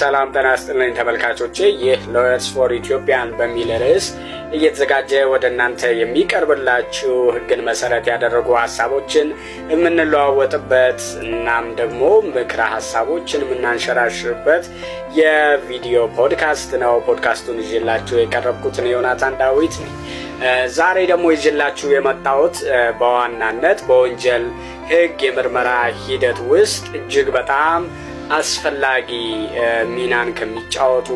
ሰላም ጤና ይስጥልኝ ተመልካቾቼ። ይህ ሎየርስ ፎር ኢትዮጵያን በሚል ርዕስ እየተዘጋጀ ወደ እናንተ የሚቀርብላችሁ ሕግን መሰረት ያደረጉ ሀሳቦችን የምንለዋወጥበት እናም ደግሞ ምክረ ሀሳቦችን የምናንሸራሽርበት የቪዲዮ ፖድካስት ነው። ፖድካስቱን ይዤላችሁ የቀረብኩትን ዮናታን ዳዊት ነኝ። ዛሬ ደግሞ ይዤላችሁ የመጣሁት በዋናነት በወንጀል ሕግ የምርመራ ሂደት ውስጥ እጅግ በጣም አስፈላጊ ሚናን ከሚጫወቱ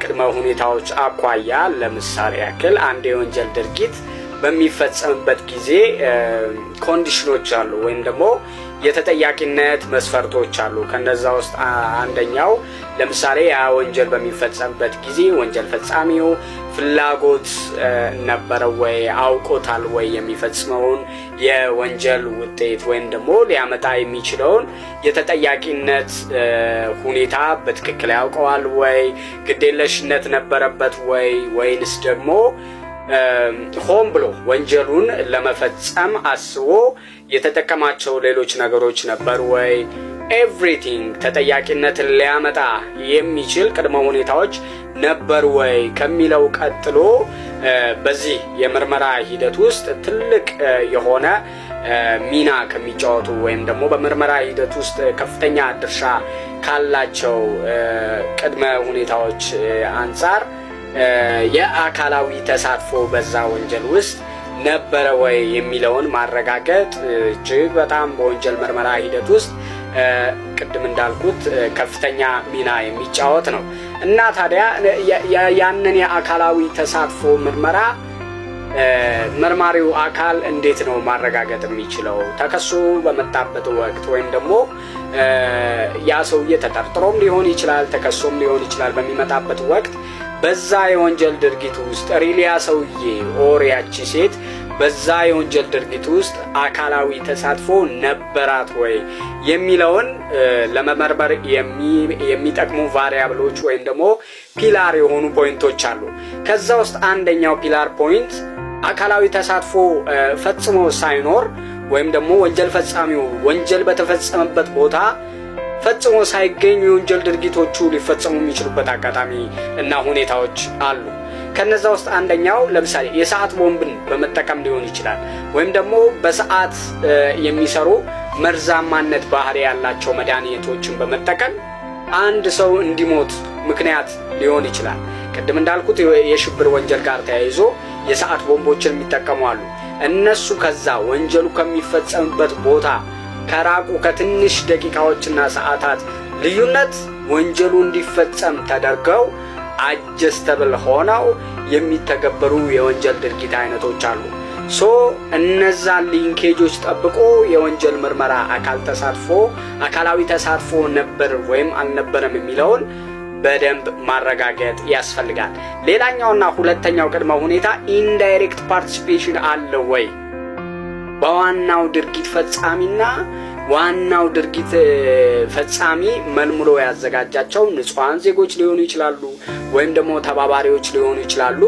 ቅድመ ሁኔታዎች አኳያ ለምሳሌ ያክል አንድ የወንጀል ድርጊት በሚፈጸምበት ጊዜ ኮንዲሽኖች አሉ ወይም ደግሞ የተጠያቂነት መስፈርቶች አሉ። ከነዛ ውስጥ አንደኛው ለምሳሌ ያ ወንጀል በሚፈጸምበት ጊዜ ወንጀል ፈጻሚው ፍላጎት ነበረው ወይ፣ አውቆታል ወይ የሚፈጽመውን የወንጀል ውጤት ወይም ደግሞ ሊያመጣ የሚችለውን የተጠያቂነት ሁኔታ በትክክል ያውቀዋል ወይ፣ ግዴለሽነት ነበረበት ወይ ወይንስ ደግሞ ሆን ብሎ ወንጀሉን ለመፈጸም አስቦ የተጠቀማቸው ሌሎች ነገሮች ነበር ወይ? ኤቭሪቲንግ ተጠያቂነትን ሊያመጣ የሚችል ቅድመ ሁኔታዎች ነበር ወይ ከሚለው ቀጥሎ በዚህ የምርመራ ሂደት ውስጥ ትልቅ የሆነ ሚና ከሚጫወቱ ወይም ደግሞ በምርመራ ሂደት ውስጥ ከፍተኛ ድርሻ ካላቸው ቅድመ ሁኔታዎች አንጻር የአካላዊ ተሳትፎ በዛ ወንጀል ውስጥ ነበረ ወይ የሚለውን ማረጋገጥ እጅግ በጣም በወንጀል ምርመራ ሂደት ውስጥ ቅድም እንዳልኩት ከፍተኛ ሚና የሚጫወት ነው እና ታዲያ ያንን የአካላዊ ተሳትፎ ምርመራ መርማሪው አካል እንዴት ነው ማረጋገጥ የሚችለው? ተከሶ በመጣበት ወቅት ወይም ደግሞ ያ ሰውዬ ተጠርጥሮም ሊሆን ይችላል፣ ተከሶም ሊሆን ይችላል። በሚመጣበት ወቅት በዛ የወንጀል ድርጊት ውስጥ ሪሊያ ሰውዬ ኦር ያቺ ሴት በዛ የወንጀል ድርጊት ውስጥ አካላዊ ተሳትፎ ነበራት ወይ የሚለውን ለመመርመር የሚጠቅሙ ቫሪያብሎች ወይም ደግሞ ፒላር የሆኑ ፖይንቶች አሉ። ከዛ ውስጥ አንደኛው ፒላር ፖይንት አካላዊ ተሳትፎ ፈጽሞ ሳይኖር ወይም ደግሞ ወንጀል ፈጻሚው ወንጀል በተፈጸመበት ቦታ ፈጽሞ ሳይገኙ የወንጀል ድርጊቶቹ ሊፈጸሙ የሚችሉበት አጋጣሚ እና ሁኔታዎች አሉ። ከነዛ ውስጥ አንደኛው ለምሳሌ የሰዓት ቦምብን በመጠቀም ሊሆን ይችላል። ወይም ደግሞ በሰዓት የሚሰሩ መርዛማነት ባህሪ ያላቸው መድኃኒቶችን በመጠቀም አንድ ሰው እንዲሞት ምክንያት ሊሆን ይችላል። ቅድም እንዳልኩት የሽብር ወንጀል ጋር ተያይዞ የሰዓት ቦምቦችን የሚጠቀሙ አሉ። እነሱ ከዛ ወንጀሉ ከሚፈጸምበት ቦታ ከራቁ ከትንሽ ደቂቃዎችና ሰዓታት ልዩነት ወንጀሉ እንዲፈጸም ተደርገው አጀስተብል ሆነው የሚተገበሩ የወንጀል ድርጊት አይነቶች አሉ። ሶ እነዛን ሊንኬጆች ጠብቆ የወንጀል ምርመራ አካል ተሳትፎ አካላዊ ተሳትፎ ነበር ወይም አልነበረም የሚለውን በደንብ ማረጋገጥ ያስፈልጋል። ሌላኛውና ሁለተኛው ቅድመ ሁኔታ ኢንዳይሬክት ፓርቲሲፔሽን አለ ወይ? በዋናው ድርጊት ፈጻሚና ዋናው ድርጊት ፈጻሚ መልምሎ ያዘጋጃቸው ንጹሐን ዜጎች ሊሆኑ ይችላሉ፣ ወይም ደግሞ ተባባሪዎች ሊሆኑ ይችላሉ።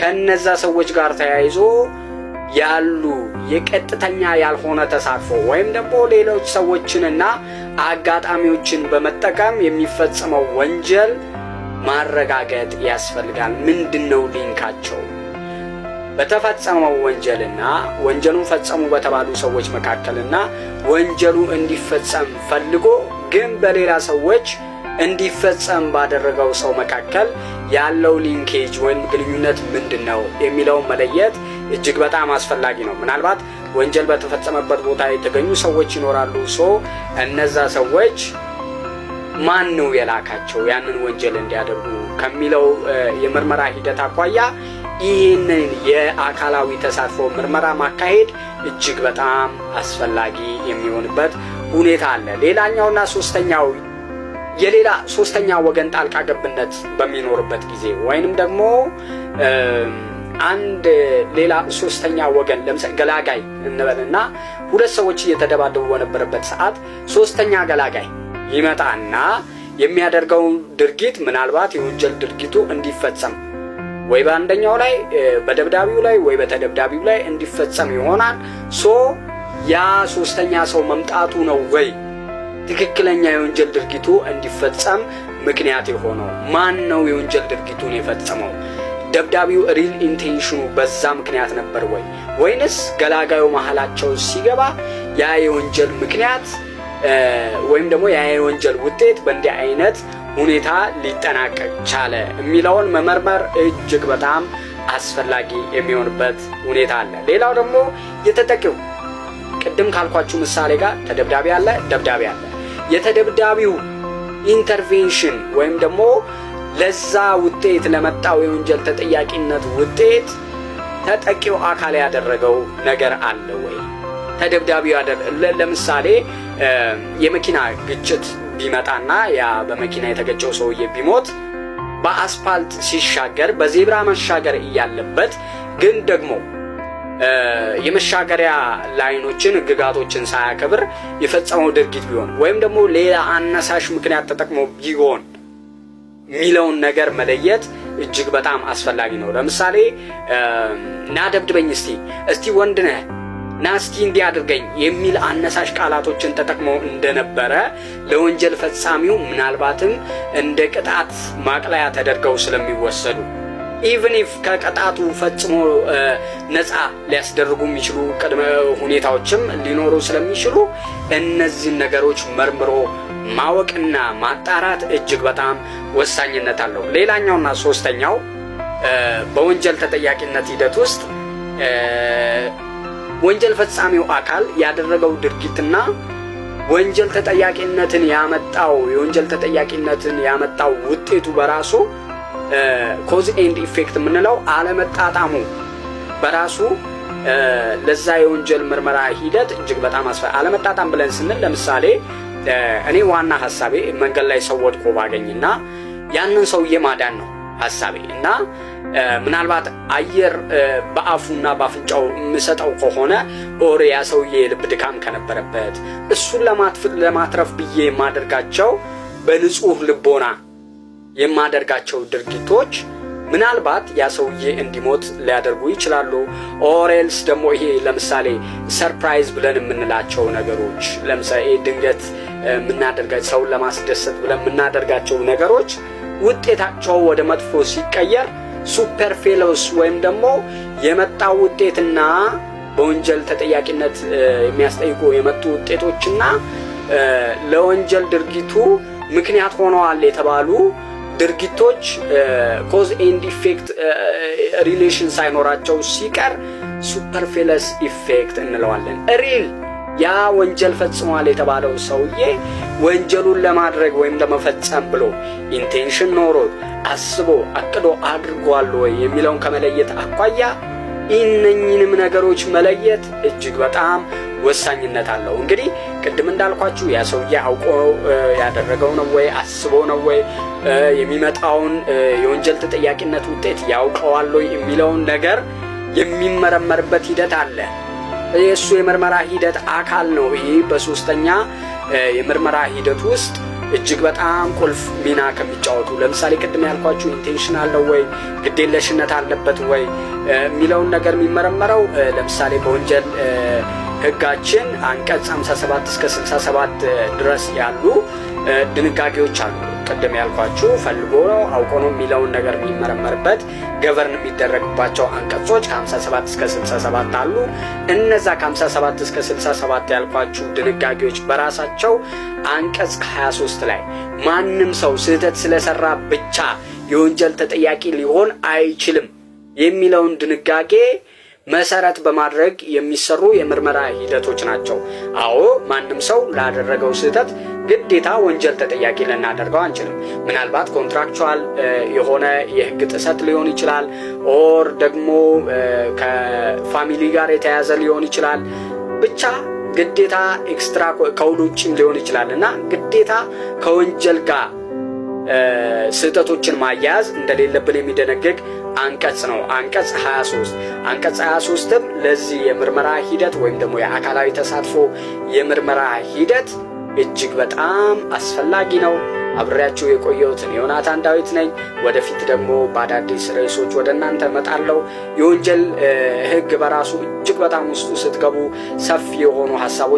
ከነዛ ሰዎች ጋር ተያይዞ ያሉ የቀጥተኛ ያልሆነ ተሳትፎ ወይም ደግሞ ሌሎች ሰዎችንና አጋጣሚዎችን በመጠቀም የሚፈጸመው ወንጀል ማረጋገጥ ያስፈልጋል። ምንድን ነው ሊንካቸው? በተፈጸመው ወንጀልና ወንጀሉን ፈጸሙ በተባሉ ሰዎች መካከልና ወንጀሉ እንዲፈጸም ፈልጎ ግን በሌላ ሰዎች እንዲፈጸም ባደረገው ሰው መካከል ያለው ሊንኬጅ ወይም ግንኙነት ምንድን ነው የሚለውን መለየት እጅግ በጣም አስፈላጊ ነው። ምናልባት ወንጀል በተፈጸመበት ቦታ የተገኙ ሰዎች ይኖራሉ። ሶ እነዛ ሰዎች ማን ነው የላካቸው ያንን ወንጀል እንዲያደርጉ ከሚለው የምርመራ ሂደት አኳያ ይህንን የአካላዊ ተሳትፎ ምርመራ ማካሄድ እጅግ በጣም አስፈላጊ የሚሆንበት ሁኔታ አለ። ሌላኛውና ሶስተኛው የሌላ ሶስተኛ ወገን ጣልቃ ገብነት በሚኖርበት ጊዜ ወይንም ደግሞ አንድ ሌላ ሶስተኛ ወገን ለምሳሌ ገላጋይ እንበልና ሁለት ሰዎች እየተደባደቡ በነበረበት ሰዓት ሶስተኛ ገላጋይ ይመጣና የሚያደርገውን ድርጊት ምናልባት የወንጀል ድርጊቱ እንዲፈጸም ወይ በአንደኛው ላይ በደብዳቢው ላይ ወይ በተደብዳቢው ላይ እንዲፈጸም ይሆናል። ሶ ያ ሶስተኛ ሰው መምጣቱ ነው ወይ ትክክለኛ የወንጀል ድርጊቱ እንዲፈጸም ምክንያት የሆነው ማን ነው? የወንጀል ድርጊቱን የፈጸመው ደብዳቢው ሪል ኢንቴንሽኑ በዛ ምክንያት ነበር ወይ ወይንስ ገላጋዩ መሀላቸው ሲገባ ያ የወንጀል ምክንያት ወይም ደግሞ የወንጀል ውጤት በእንዲህ አይነት ሁኔታ ሊጠናቀቅ ቻለ የሚለውን መመርመር እጅግ በጣም አስፈላጊ የሚሆንበት ሁኔታ አለ። ሌላው ደግሞ የተጠቂው ቅድም ካልኳችሁ ምሳሌ ጋር ተደብዳቢ አለ፣ ደብዳቤ አለ። የተደብዳቢው ኢንተርቬንሽን ወይም ደግሞ ለዛ ውጤት ለመጣው የወንጀል ተጠያቂነት ውጤት ተጠቂው አካል ያደረገው ነገር አለ ወይ? ተደብዳቢው ለምሳሌ የመኪና ግጭት ቢመጣና ያ በመኪና የተገጨው ሰውዬ ቢሞት በአስፋልት ሲሻገር በዜብራ መሻገር እያለበት ግን ደግሞ የመሻገሪያ ላይኖችን ሕግጋቶችን ሳያከብር የፈጸመው ድርጊት ቢሆን ወይም ደግሞ ሌላ አነሳሽ ምክንያት ተጠቅሞ ቢሆን የሚለውን ነገር መለየት እጅግ በጣም አስፈላጊ ነው። ለምሳሌ ናደብድበኝ ደብድበኝ እስቲ እስቲ ወንድ ነህ ናስቲ እንዲያድርገኝ የሚል አነሳሽ ቃላቶችን ተጠቅሞ እንደነበረ ለወንጀል ፈጻሚው ምናልባትም እንደ ቅጣት ማቅለያ ተደርገው ስለሚወሰዱ ኢቭን ኢፍ ከቅጣቱ ፈጽሞ ነፃ ሊያስደርጉ የሚችሉ ቅድመ ሁኔታዎችም ሊኖሩ ስለሚችሉ እነዚህን ነገሮች መርምሮ ማወቅና ማጣራት እጅግ በጣም ወሳኝነት አለው። ሌላኛውና ሶስተኛው በወንጀል ተጠያቂነት ሂደት ውስጥ ወንጀል ፈጻሚው አካል ያደረገው ድርጊትና ወንጀል ተጠያቂነትን ያመጣው የወንጀል ተጠያቂነትን ያመጣው ውጤቱ በራሱ ኮዝ ኤንድ ኢፌክት የምንለው አለመጣጣሙ በራሱ ለዛ የወንጀል ምርመራ ሂደት እጅግ በጣም አስፈ አለመጣጣም ብለን ስንል ለምሳሌ እኔ ዋና ሀሳቤ መንገድ ላይ ሰው ወድቆ ባገኝና ያንን ሰውዬ ማዳን ነው። ሀሳቤ እና ምናልባት አየር በአፉና በአፍንጫው የምሰጠው ከሆነ ኦር ያ ሰውዬ የልብ ድካም ከነበረበት እሱን ለማትረፍ ብዬ የማደርጋቸው በንጹህ ልቦና የማደርጋቸው ድርጊቶች ምናልባት ያ ሰውዬ እንዲሞት ሊያደርጉ ይችላሉ። ኦሬልስ ደግሞ ይሄ ለምሳሌ ሰርፕራይዝ ብለን የምንላቸው ነገሮች ለምሳሌ ድንገት የምናደርጋቸው ሰውን ለማስደሰት ብለን የምናደርጋቸው ነገሮች ውጤታቸው ወደ መጥፎ ሲቀየር ፌሎስ ወይም ደግሞ የመጣው ውጤትና በወንጀል ተጠያቂነት የሚያስጠይቁ የመጡ ውጤቶችና ለወንጀል ድርጊቱ ምክንያት ሆነዋል የተባሉ ድርጊቶች ኮዝ ኤንድ ኢፌክት ሪሌሽን ሳይኖራቸው ሲቀር ሱፐርፌለስ ኢፌክት እንለዋለን። ሪል ያ ወንጀል ፈጽሟል የተባለው ሰውዬ ወንጀሉን ለማድረግ ወይም ለመፈጸም ብሎ ኢንቴንሽን ኖሮት አስቦ አቅዶ አድርጓል ወይ የሚለውን ከመለየት አኳያ እነኝንም ነገሮች መለየት እጅግ በጣም ወሳኝነት አለው። እንግዲህ ቅድም እንዳልኳችሁ ያ ሰውዬ አውቆ ያደረገው ነው ወይ አስቦ ነው ወይ የሚመጣውን የወንጀል ተጠያቂነት ውጤት ያውቀዋል ወይ የሚለውን ነገር የሚመረመርበት ሂደት አለ። የእሱ የምርመራ ሂደት አካል ነው። ይህ በሶስተኛ የምርመራ ሂደት ውስጥ እጅግ በጣም ቁልፍ ሚና ከሚጫወቱ ለምሳሌ ቅድም ያልኳችሁ ኢንቴንሽን አለው ወይ ግዴለሽነት አለበት ወይ የሚለውን ነገር የሚመረመረው ለምሳሌ በወንጀል ሕጋችን አንቀጽ 57 እስከ 67 ድረስ ያሉ ድንጋጌዎች አሉ። ቅድም ያልኳችሁ ፈልጎ አውቆ ነው የሚለውን ነገር የሚመረመርበት ገቨርን የሚደረግባቸው አንቀጾች ከ57 እስከ 67 አሉ። እነዛ ከ57 እስከ 67 ያልኳችሁ ድንጋጌዎች በራሳቸው አንቀጽ 23 ላይ ማንም ሰው ስህተት ስለሰራ ብቻ የወንጀል ተጠያቂ ሊሆን አይችልም የሚለውን ድንጋጌ መሰረት በማድረግ የሚሰሩ የምርመራ ሂደቶች ናቸው። አዎ ማንም ሰው ላደረገው ስህተት ግዴታ ወንጀል ተጠያቂ ልናደርገው አንችልም። ምናልባት ኮንትራክቹዋል የሆነ የህግ ጥሰት ሊሆን ይችላል፣ ኦር ደግሞ ከፋሚሊ ጋር የተያያዘ ሊሆን ይችላል። ብቻ ግዴታ ኤክስትራ ከውል ውጭም ሊሆን ይችላል እና ግዴታ ከወንጀል ጋር ስህተቶችን ማያያዝ እንደሌለብን የሚደነግግ አንቀጽ ነው። አንቀጽ 23 አንቀጽ 23ም ለዚህ የምርመራ ሂደት ወይም ደግሞ የአካላዊ ተሳትፎ የምርመራ ሂደት እጅግ በጣም አስፈላጊ ነው። አብሬያችሁ የቆየሁትን ዮናታን ዳዊት ነኝ። ወደፊት ደግሞ በአዳዲስ ርዕሶች ወደ እናንተ እመጣለሁ። የወንጀል ሕግ በራሱ እጅግ በጣም ውስጡ ስትገቡ ሰፊ የሆኑ ሀሳቦች